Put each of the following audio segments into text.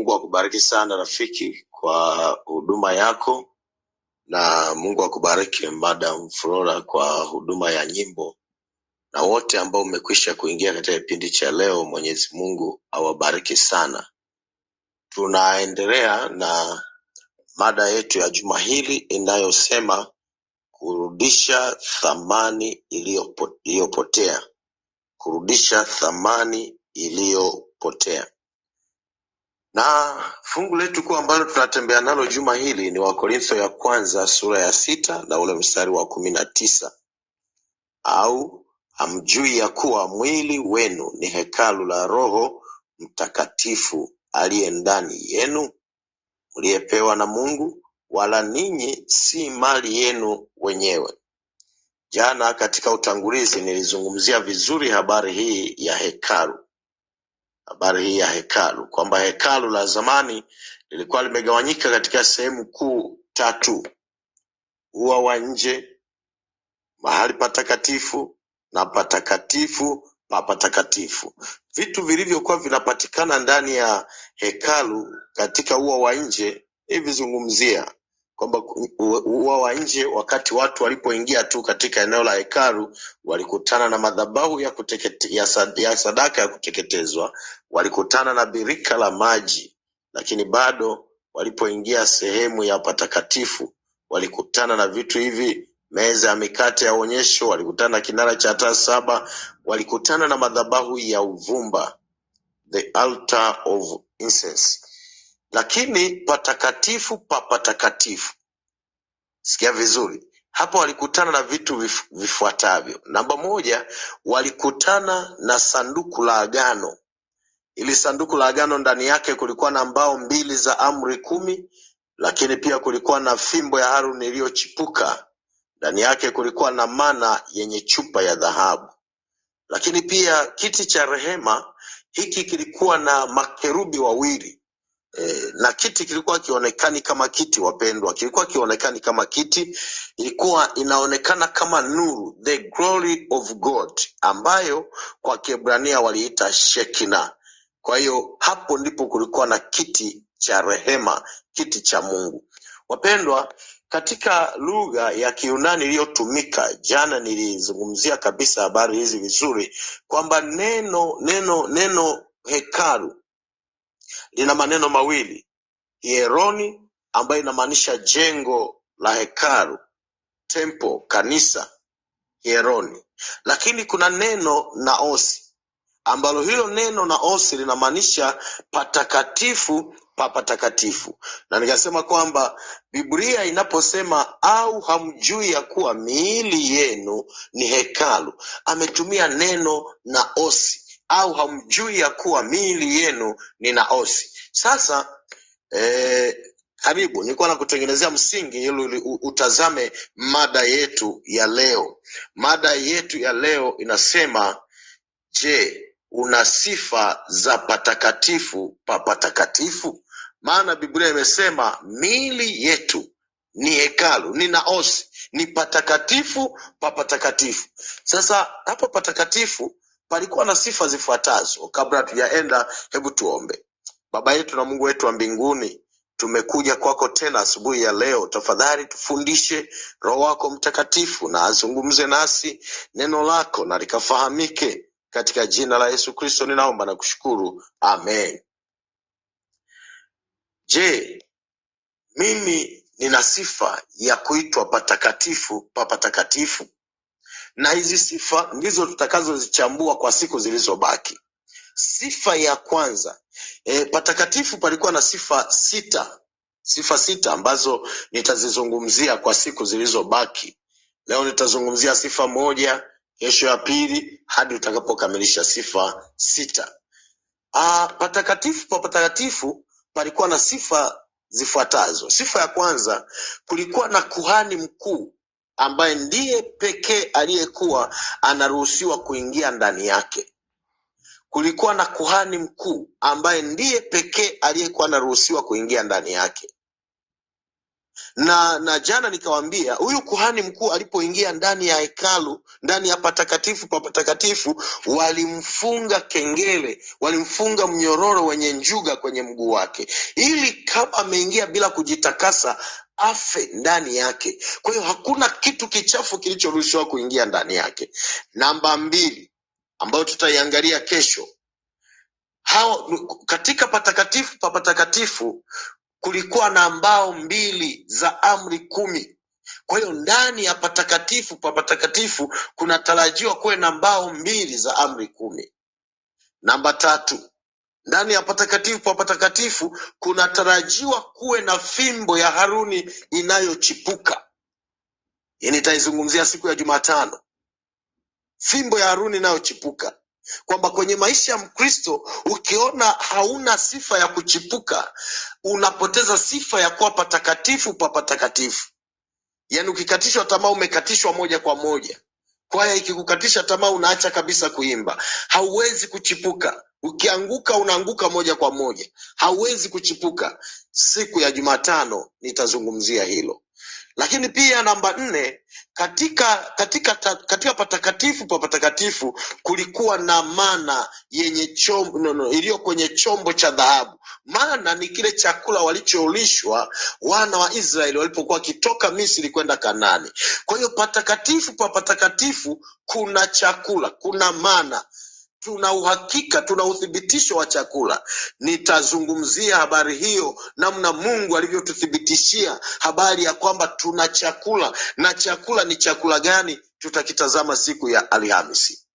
Mungu akubariki sana rafiki kwa huduma yako, na Mungu akubariki Madam Flora kwa huduma ya nyimbo na wote ambao umekwisha kuingia katika kipindi cha leo. Mwenyezi Mungu awabariki sana. Tunaendelea na mada yetu ya juma hili inayosema kurudisha thamani iliyopotea, kurudisha thamani iliyopotea. Na fungu letu kuu ambalo tunatembea nalo juma hili ni Wakorintho ya kwanza sura ya sita na ule mstari wa kumi na tisa au hamjui ya kuwa mwili wenu ni hekalu la Roho Mtakatifu aliye ndani yenu mliyepewa na Mungu, wala ninyi si mali yenu wenyewe. Jana katika utangulizi nilizungumzia vizuri habari hii ya hekalu habari hii ya hekalu kwamba hekalu la zamani lilikuwa limegawanyika katika sehemu kuu tatu: ua wa nje, mahali patakatifu na patakatifu pa patakatifu. Vitu vilivyokuwa vinapatikana ndani ya hekalu katika ua wa nje, hivizungumzia kwamba ua wa nje, wakati watu walipoingia tu katika eneo la hekalu walikutana na madhabahu ya, kutekete, ya, sad, ya sadaka ya kuteketezwa, walikutana na birika la maji, lakini bado walipoingia sehemu ya patakatifu walikutana na vitu hivi meza ya mikate ya onyesho, walikutana na kinara cha taa saba, walikutana na madhabahu ya uvumba, the altar of incense. Lakini patakatifu pa patakatifu, sikia vizuri hapa, walikutana na vitu vifuatavyo. Namba moja, walikutana na sanduku la agano. Ili sanduku la agano ndani yake kulikuwa na mbao mbili za amri kumi, lakini pia kulikuwa na fimbo ya Haruni iliyochipuka. Ndani yake kulikuwa na mana yenye chupa ya dhahabu lakini pia kiti cha rehema hiki kilikuwa na makerubi wawili E, na kiti kilikuwa kionekani kama kiti wapendwa, kilikuwa kionekani kama kiti, ilikuwa inaonekana kama nuru, the glory of God ambayo kwa Kiebrania waliita Shekina. Kwa hiyo hapo ndipo kulikuwa na kiti cha rehema, kiti cha Mungu. Wapendwa, katika lugha ya Kiunani iliyotumika jana, nilizungumzia kabisa habari hizi vizuri kwamba neno neno neno hekalu lina maneno mawili hieroni ambayo inamaanisha jengo la hekalu tempo kanisa hieroni lakini kuna neno naosi ambalo hilo neno naosi linamaanisha patakatifu pa patakatifu na nikasema kwamba biblia inaposema au hamjui ya kuwa miili yenu ni hekalu ametumia neno naosi au hamjui ya kuwa miili yenu ni naosi? Sasa eh, Habibu, nilikuwa nakutengenezea msingi ili utazame mada yetu ya leo. Mada yetu ya leo inasema, je, una sifa za patakatifu pa patakatifu? Maana Biblia imesema miili yetu ni hekalu, ni naosi, ni patakatifu pa patakatifu. Sasa hapo patakatifu palikuwa na sifa zifuatazo. Kabla hatujaenda, hebu tuombe. Baba yetu na Mungu wetu wa mbinguni, tumekuja kwako tena asubuhi ya leo. Tafadhali tufundishe, Roho wako Mtakatifu na azungumze nasi, neno lako na likafahamike. Katika jina la Yesu Kristo ninaomba na kushukuru, amen. Je, mimi nina sifa ya kuitwa patakatifu pa patakatifu? na hizi sifa ndizo tutakazozichambua kwa siku zilizobaki. Sifa ya kwanza e, patakatifu palikuwa na sifa sita, sifa sita ambazo nitazizungumzia kwa siku zilizobaki. Leo nitazungumzia sifa moja, kesho ya pili, hadi utakapokamilisha sifa sita. Ah, patakatifu pa patakatifu palikuwa na sifa zifuatazo. Sifa ya kwanza, kulikuwa na kuhani mkuu ambaye ndiye pekee aliyekuwa anaruhusiwa kuingia ndani yake. Kulikuwa na kuhani mkuu ambaye ndiye pekee aliyekuwa anaruhusiwa kuingia ndani yake na na jana nikawambia huyu kuhani mkuu alipoingia ndani ya hekalu ndani ya patakatifu pa patakatifu walimfunga kengele walimfunga mnyororo wenye njuga kwenye mguu wake ili kama ameingia bila kujitakasa afe ndani yake. Kwa hiyo hakuna kitu kichafu kilichoruhusiwa kuingia ndani yake. Namba mbili ambayo tutaiangalia kesho, hao katika patakatifu pa patakatifu kulikuwa na mbao mbili za amri kumi. Kwa hiyo ndani ya patakatifu pa patakatifu kunatarajiwa kuwe na mbao mbili za amri kumi. Namba tatu, ndani ya patakatifu pa patakatifu kunatarajiwa kuwe na fimbo ya Haruni inayochipuka. Hii nitaizungumzia siku ya Jumatano, fimbo ya Haruni inayochipuka, kwamba kwenye maisha ya Mkristo ukiona hauna sifa ya kuchipuka, unapoteza sifa ya kuwa patakatifu pa patakatifu. Yaani ukikatishwa tamaa, umekatishwa moja kwa moja. Kwaya ikikukatisha tamaa, unaacha kabisa kuimba, hauwezi kuchipuka. Ukianguka unaanguka moja kwa moja, hauwezi kuchipuka. Siku ya Jumatano nitazungumzia hilo. Lakini pia namba nne, katika katika ta- katika patakatifu pa patakatifu kulikuwa na mana yenye chombo no, no, iliyo kwenye chombo cha dhahabu. Mana ni kile chakula walichoulishwa wana wa Israeli walipokuwa wakitoka Misri kwenda kanani Kwa hiyo patakatifu pa patakatifu kuna chakula, kuna mana tuna uhakika, tuna uthibitisho wa chakula. Nitazungumzia habari hiyo, namna Mungu alivyotuthibitishia habari ya kwamba tuna chakula, na chakula ni chakula gani, tutakitazama siku ya Alhamisi.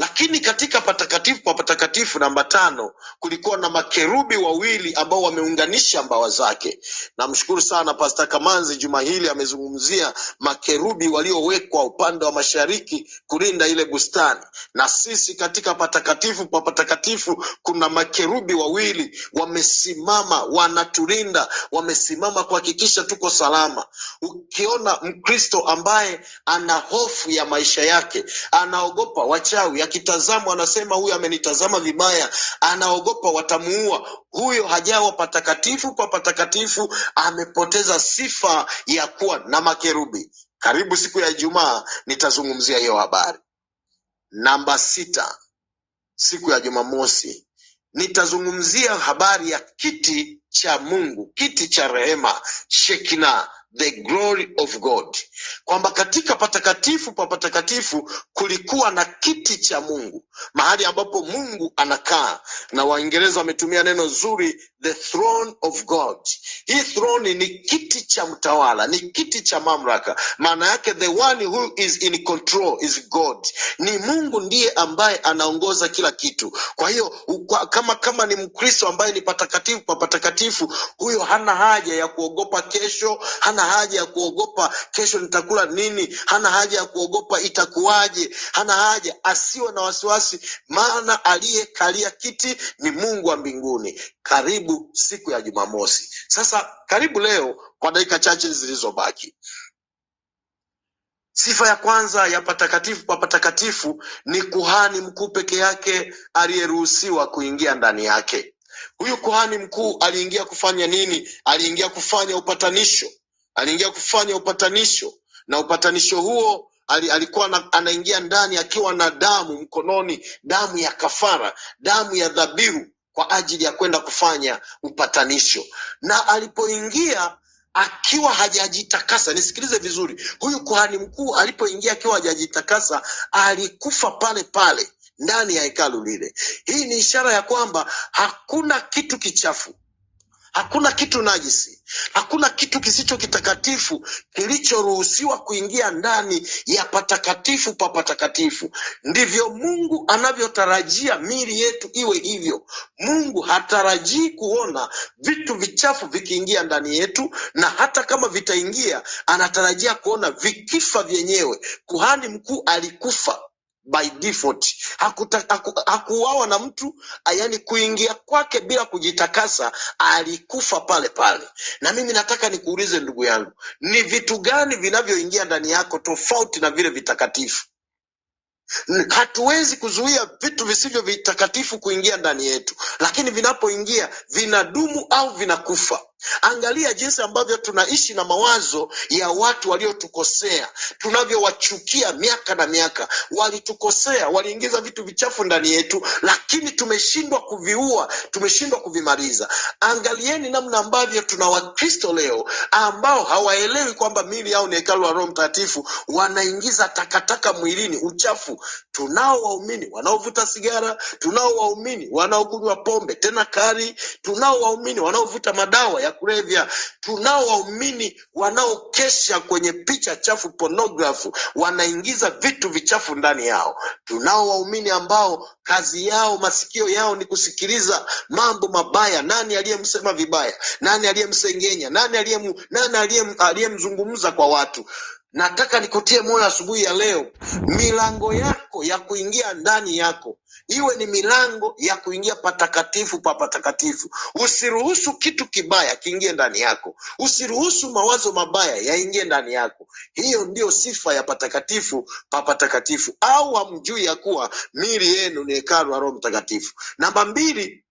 Lakini katika patakatifu pa patakatifu namba tano kulikuwa na makerubi wawili ambao wameunganisha mbawa zake. Namshukuru sana Pasta Kamanzi, juma hili amezungumzia makerubi waliowekwa upande wa mashariki kulinda ile bustani, na sisi katika patakatifu pa patakatifu kuna makerubi wawili wamesimama, wanatulinda, wamesimama kuhakikisha tuko salama. Ukiona Mkristo ambaye ana hofu ya maisha yake, anaogopa wachawi akitazama anasema huyu amenitazama vibaya, anaogopa watamuua. Huyo hajawa patakatifu pa patakatifu, amepoteza sifa ya kuwa na makerubi. Karibu siku ya Ijumaa nitazungumzia hiyo habari. Namba sita, siku ya Jumamosi nitazungumzia habari ya kiti cha Mungu, kiti cha rehema, Shekina the glory of God, kwamba katika patakatifu pa patakatifu kulikuwa na kiti cha Mungu, mahali ambapo Mungu anakaa, na Waingereza wametumia neno zuri, the throne of God. Hii throne ni kiti cha mtawala, ni kiti cha mamlaka. Maana yake the one who is in control is God, ni Mungu ndiye ambaye anaongoza kila kitu. Kwa hiyo kwa, kama kama ni Mkristo ambaye ni patakatifu pa patakatifu, huyo hana haja ya kuogopa kesho, hana hana haja ya kuogopa kesho nitakula nini, hana haja ya kuogopa itakuwaje, hana haja, asiwe na wasiwasi, maana aliyekalia kiti ni Mungu wa mbinguni. Karibu siku ya Jumamosi. Sasa karibu leo, kwa dakika chache zilizobaki. Sifa ya kwanza ya patakatifu pa patakatifu ni kuhani mkuu peke yake aliyeruhusiwa kuingia ndani yake. Huyu kuhani mkuu aliingia kufanya nini? Aliingia kufanya upatanisho aliingia kufanya upatanisho na upatanisho huo alikuwa anaingia ndani akiwa na damu mkononi, damu ya kafara, damu ya dhabihu kwa ajili ya kwenda kufanya upatanisho. Na alipoingia akiwa hajajitakasa, nisikilize vizuri, huyu kuhani mkuu alipoingia akiwa hajajitakasa alikufa pale pale ndani ya hekalu lile. Hii ni ishara ya kwamba hakuna kitu kichafu Hakuna kitu najisi, hakuna kitu kisicho kitakatifu kilichoruhusiwa kuingia ndani ya patakatifu pa patakatifu. Ndivyo Mungu anavyotarajia miili yetu iwe hivyo. Mungu hatarajii kuona vitu vichafu vikiingia ndani yetu, na hata kama vitaingia, anatarajia kuona vikifa vyenyewe. Kuhani mkuu alikufa by default. haku, na mtu, yani kuingia kwake bila kujitakasa, alikufa pale pale. Na mimi nataka nikuulize ndugu yangu, ni vitu gani vinavyoingia ndani yako tofauti na vile vitakatifu? Hatuwezi kuzuia vitu visivyo vitakatifu kuingia ndani yetu, lakini vinapoingia vinadumu au vinakufa. Angalia jinsi ambavyo tunaishi na mawazo ya watu waliotukosea, tunavyowachukia miaka na miaka. Walitukosea, waliingiza vitu vichafu ndani yetu, lakini tumeshindwa kuviua, tumeshindwa kuvimaliza. Angalieni namna ambavyo tuna Wakristo leo ambao hawaelewi kwamba miili yao ni hekalu la Roho Mtakatifu, wanaingiza takataka mwilini, uchafu. Tunao waumini wanaovuta sigara, tunao waumini wanaokunywa pombe tena kali, tunao waumini wanaovuta madawa ya ya kulevya. Tunao waumini wanaokesha kwenye picha chafu pornografu, wanaingiza vitu vichafu ndani yao. Tunao waumini ambao kazi yao masikio yao ni kusikiliza mambo mabaya. Nani aliyemsema vibaya? Nani aliyemsengenya? Nani aliyemzungumza kwa watu? Nataka nikutie moyo asubuhi ya leo, milango yako ya kuingia ndani yako iwe ni milango ya kuingia patakatifu pa patakatifu. Usiruhusu kitu kibaya kiingie ndani yako, usiruhusu mawazo mabaya yaingie ndani yako. Hiyo ndiyo sifa ya patakatifu pa patakatifu. Au hamjui ya kuwa miili yenu ni hekalu la Roho Mtakatifu? Namba mbili,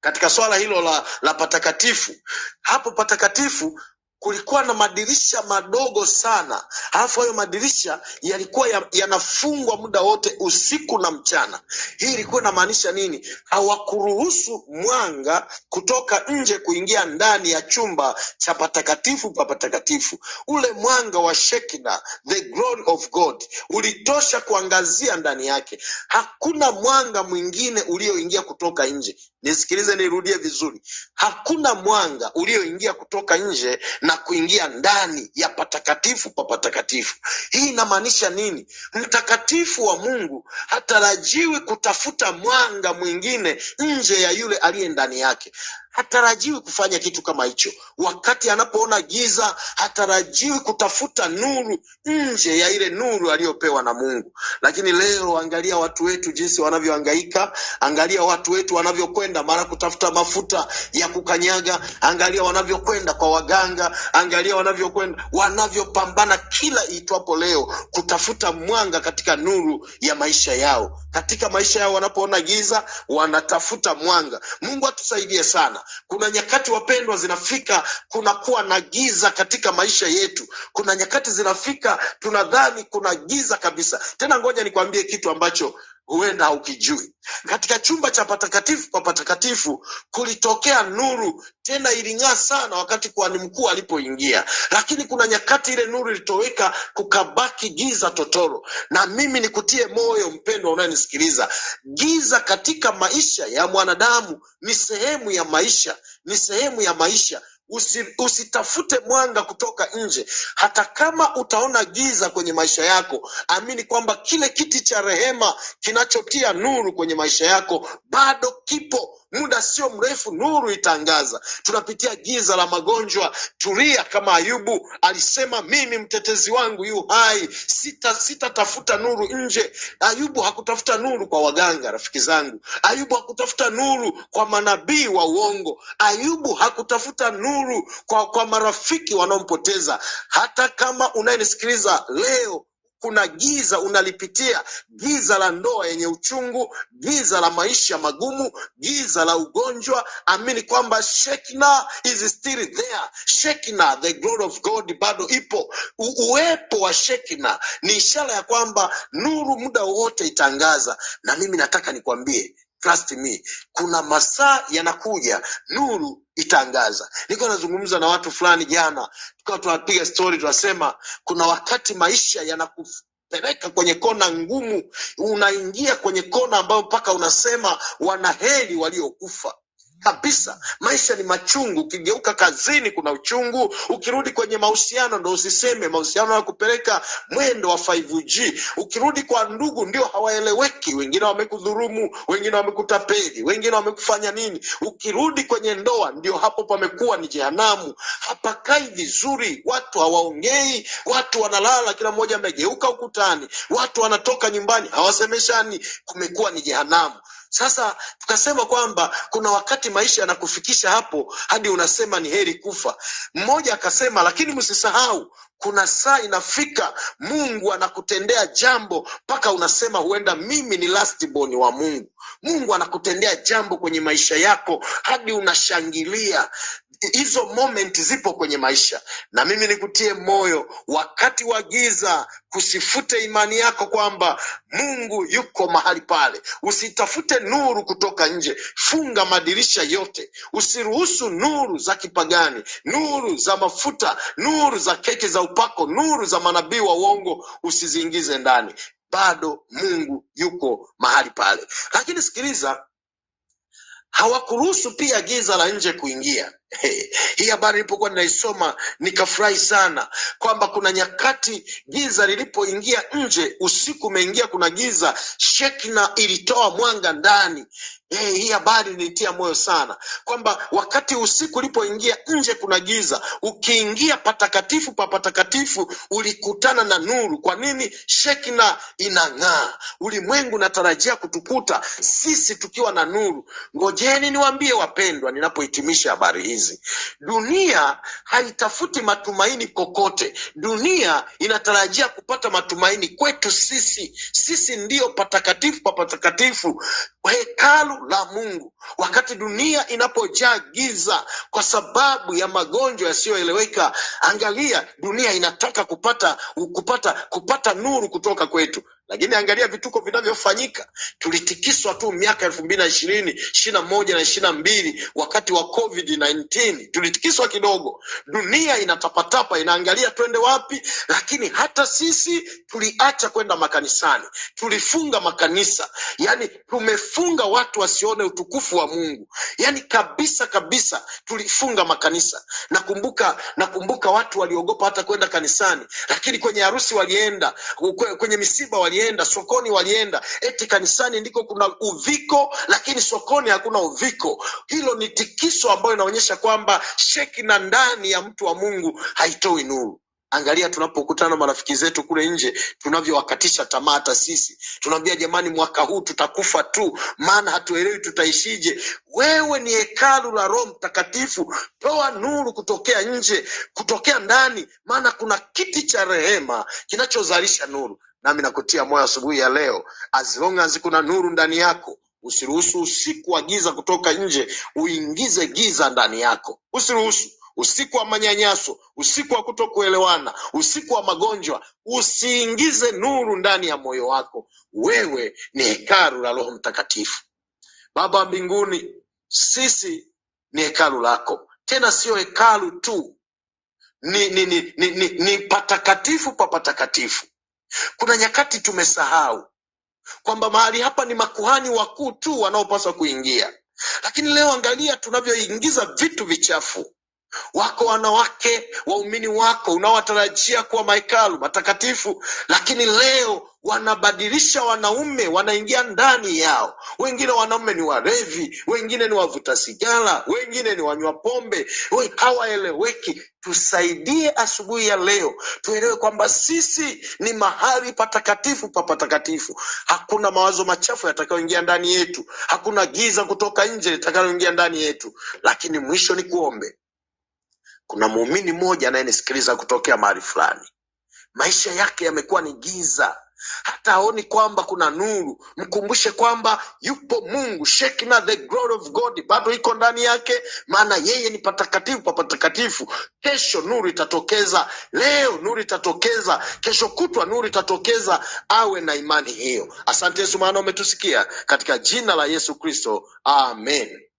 katika swala hilo la, la patakatifu, hapo patakatifu kulikuwa na madirisha madogo sana, alafu hayo madirisha yalikuwa yanafungwa ya muda wote, usiku na mchana. Hii ilikuwa inamaanisha nini? Hawakuruhusu mwanga kutoka nje kuingia ndani ya chumba cha patakatifu pa patakatifu. Ule mwanga wa Shekina, the glory of God, ulitosha kuangazia ndani yake. Hakuna mwanga mwingine ulioingia kutoka nje. Nisikilize, nirudie vizuri, hakuna mwanga ulioingia kutoka nje na kuingia ndani ya patakatifu pa patakatifu. Hii inamaanisha nini? Mtakatifu wa Mungu hatarajiwi kutafuta mwanga mwingine nje ya yule aliye ndani yake hatarajiwi kufanya kitu kama hicho. Wakati anapoona giza, hatarajiwi kutafuta nuru nje ya ile nuru aliyopewa na Mungu. Lakini leo angalia watu wetu jinsi wanavyohangaika, angalia watu wetu wanavyokwenda mara kutafuta mafuta ya kukanyaga, angalia wanavyokwenda kwa waganga, angalia wanavyokwenda wanavyopambana kila itwapo leo kutafuta mwanga katika nuru ya maisha yao. Katika maisha yao wanapoona giza, wanatafuta mwanga. Mungu atusaidie sana sana. Kuna nyakati wapendwa, zinafika kunakuwa na giza katika maisha yetu. Kuna nyakati zinafika tunadhani kuna giza kabisa. Tena ngoja nikwambie kitu ambacho huenda haukijui. Katika chumba cha patakatifu pa patakatifu kulitokea nuru, tena iling'aa sana wakati kuhani mkuu alipoingia, lakini kuna nyakati ile nuru ilitoweka, kukabaki giza totoro. Na mimi nikutie moyo mpendwa unayenisikiliza, giza katika maisha ya mwanadamu ni sehemu ya maisha, ni sehemu ya maisha. Usi, usitafute mwanga kutoka nje. Hata kama utaona giza kwenye maisha yako, amini kwamba kile kiti cha rehema kinachotia nuru kwenye maisha yako bado kipo muda sio mrefu nuru itangaza. Tunapitia giza la magonjwa, tulia kama Ayubu alisema, mimi mtetezi wangu yu hai, sita sitatafuta nuru nje. Ayubu hakutafuta nuru kwa waganga, rafiki zangu. Ayubu hakutafuta nuru kwa manabii wa uongo. Ayubu hakutafuta nuru kwa, kwa marafiki wanaompoteza. Hata kama unayenisikiliza leo kuna giza unalipitia, giza la ndoa yenye uchungu, giza la maisha magumu, giza la ugonjwa. Amini kwamba Shekina is still there. Shekina, the glory of God bado ipo. U uwepo wa Shekina ni ishara ya kwamba nuru muda wote itangaza, na mimi nataka nikwambie trust me, kuna masaa yanakuja, nuru itangaza. Niko nazungumza na watu fulani jana, tukawa tunapiga stori, tunasema kuna wakati maisha yanaku peleka kwenye kona ngumu, unaingia kwenye kona ambayo mpaka unasema wanaheri waliokufa kabisa. Maisha ni machungu, ukigeuka kazini kuna uchungu, ukirudi kwenye mahusiano ndo usiseme, mahusiano ya kupeleka mwendo wa 5G. Ukirudi kwa ndugu ndio hawaeleweki, wengine wamekudhurumu, wengine wamekutapeli, wengine wamekufanya nini. Ukirudi kwenye ndoa ndio hapo pamekuwa ni jehanamu, hapakai vizuri, watu hawaongei, watu wanalala kila mmoja amegeuka ukutani, watu wanatoka nyumbani hawasemeshani, kumekuwa ni jehanamu. Sasa tukasema kwamba kuna wakati maisha yanakufikisha hapo hadi unasema ni heri kufa. Mmoja akasema, lakini msisahau kuna saa inafika Mungu anakutendea jambo mpaka unasema huenda mimi ni last born wa Mungu. Mungu anakutendea jambo kwenye maisha yako hadi unashangilia hizo moment zipo kwenye maisha, na mimi nikutie moyo wakati wa giza, kusifute imani yako kwamba Mungu yuko mahali pale. Usitafute nuru kutoka nje, funga madirisha yote, usiruhusu nuru za kipagani, nuru za mafuta, nuru za keki za upako, nuru za manabii wa uongo, usiziingize ndani. Bado Mungu yuko mahali pale, lakini sikiliza hawakuruhusu pia giza la nje kuingia. hii habari ilipokuwa ninaisoma nikafurahi sana kwamba kuna nyakati giza lilipoingia nje, usiku umeingia, kuna giza, Shekina ilitoa mwanga ndani. Hey, eh, hii habari ilitia moyo sana kwamba wakati usiku ulipoingia nje kuna giza, ukiingia patakatifu pa patakatifu ulikutana na nuru. Kwa nini? Shekina inang'aa, ulimwengu natarajia kutukuta sisi tukiwa na nuru. Ngojeni niwaambie wapendwa, ninapohitimisha habari hizi, dunia haitafuti matumaini kokote. Dunia inatarajia kupata matumaini kwetu sisi. Sisi ndiyo patakatifu pa patakatifu, hekalu la Mungu, wakati dunia inapojaa giza kwa sababu ya magonjwa yasiyoeleweka. Angalia, dunia inataka kupata kupata kupata nuru kutoka kwetu lakini angalia vituko vinavyofanyika. Tulitikiswa tu miaka elfu mbili na ishirini ishiri na moja na ishiri na mbili wakati wa covid 19 tulitikiswa kidogo. Dunia inatapatapa inaangalia twende wapi, lakini hata sisi tuliacha kwenda makanisani, tulifunga makanisa, yani tumefunga watu wasione utukufu wa Mungu, yani kabisa kabisa tulifunga makanisa. Nakumbuka, nakumbuka watu waliogopa hata kwenda kanisani, lakini kwenye harusi walienda, kwenye misiba walienda walienda sokoni, walienda eti kanisani ndiko kuna uviko, lakini sokoni hakuna uviko. Hilo ni tikiso ambayo inaonyesha kwamba sheki na ndani ya mtu wa Mungu haitoi nuru. Angalia tunapokutana marafiki zetu kule nje, tunavyowakatisha tamaa. Hata sisi tunaambia jamani, mwaka huu tutakufa tu, maana hatuelewi tutaishije. Wewe ni hekalu la Roho Mtakatifu, toa nuru kutokea nje, kutokea ndani, maana kuna kiti cha rehema kinachozalisha nuru. Nami nakutia moyo asubuhi ya leo, as long as kuna nuru ndani yako, usiruhusu usiku wa giza kutoka nje uingize giza ndani yako, usiruhusu usiku wa manyanyaso, usiku wa kutokuelewana, usiku wa magonjwa, usiingize nuru ndani ya moyo wako. Wewe ni hekalu la Roho Mtakatifu. Baba wa mbinguni, sisi ni hekalu lako, tena sio hekalu tu, ni, ni, ni, ni, ni, ni patakatifu pa patakatifu. Kuna nyakati tumesahau kwamba mahali hapa ni makuhani wakuu tu wanaopaswa kuingia, lakini leo angalia tunavyoingiza vitu vichafu Wako wanawake waumini wako unaowatarajia kuwa mahekalu matakatifu, lakini leo wanabadilisha wanaume, wanaingia ndani yao. Wengine wanaume ni warevi wengine ni wavuta sigara, wengine ni wanywa pombe, we- hawaeleweki. Tusaidie asubuhi ya leo tuelewe kwamba sisi ni mahali patakatifu pa patakatifu. Hakuna mawazo machafu yatakayoingia ndani yetu, hakuna giza kutoka nje litakaloingia ndani yetu. Lakini mwisho ni kuombe kuna muumini mmoja anayenisikiliza kutokea mahali fulani, maisha yake yamekuwa ni giza, hata aoni kwamba kuna nuru. Mkumbushe kwamba yupo Mungu, Shekina, the glory of God bado iko ndani yake, maana yeye ni patakatifu pa patakatifu. Kesho nuru itatokeza, leo nuru itatokeza, kesho kutwa nuru itatokeza. Awe na imani hiyo. Asante Yesu, maana umetusikia, katika jina la Yesu Kristo, amen.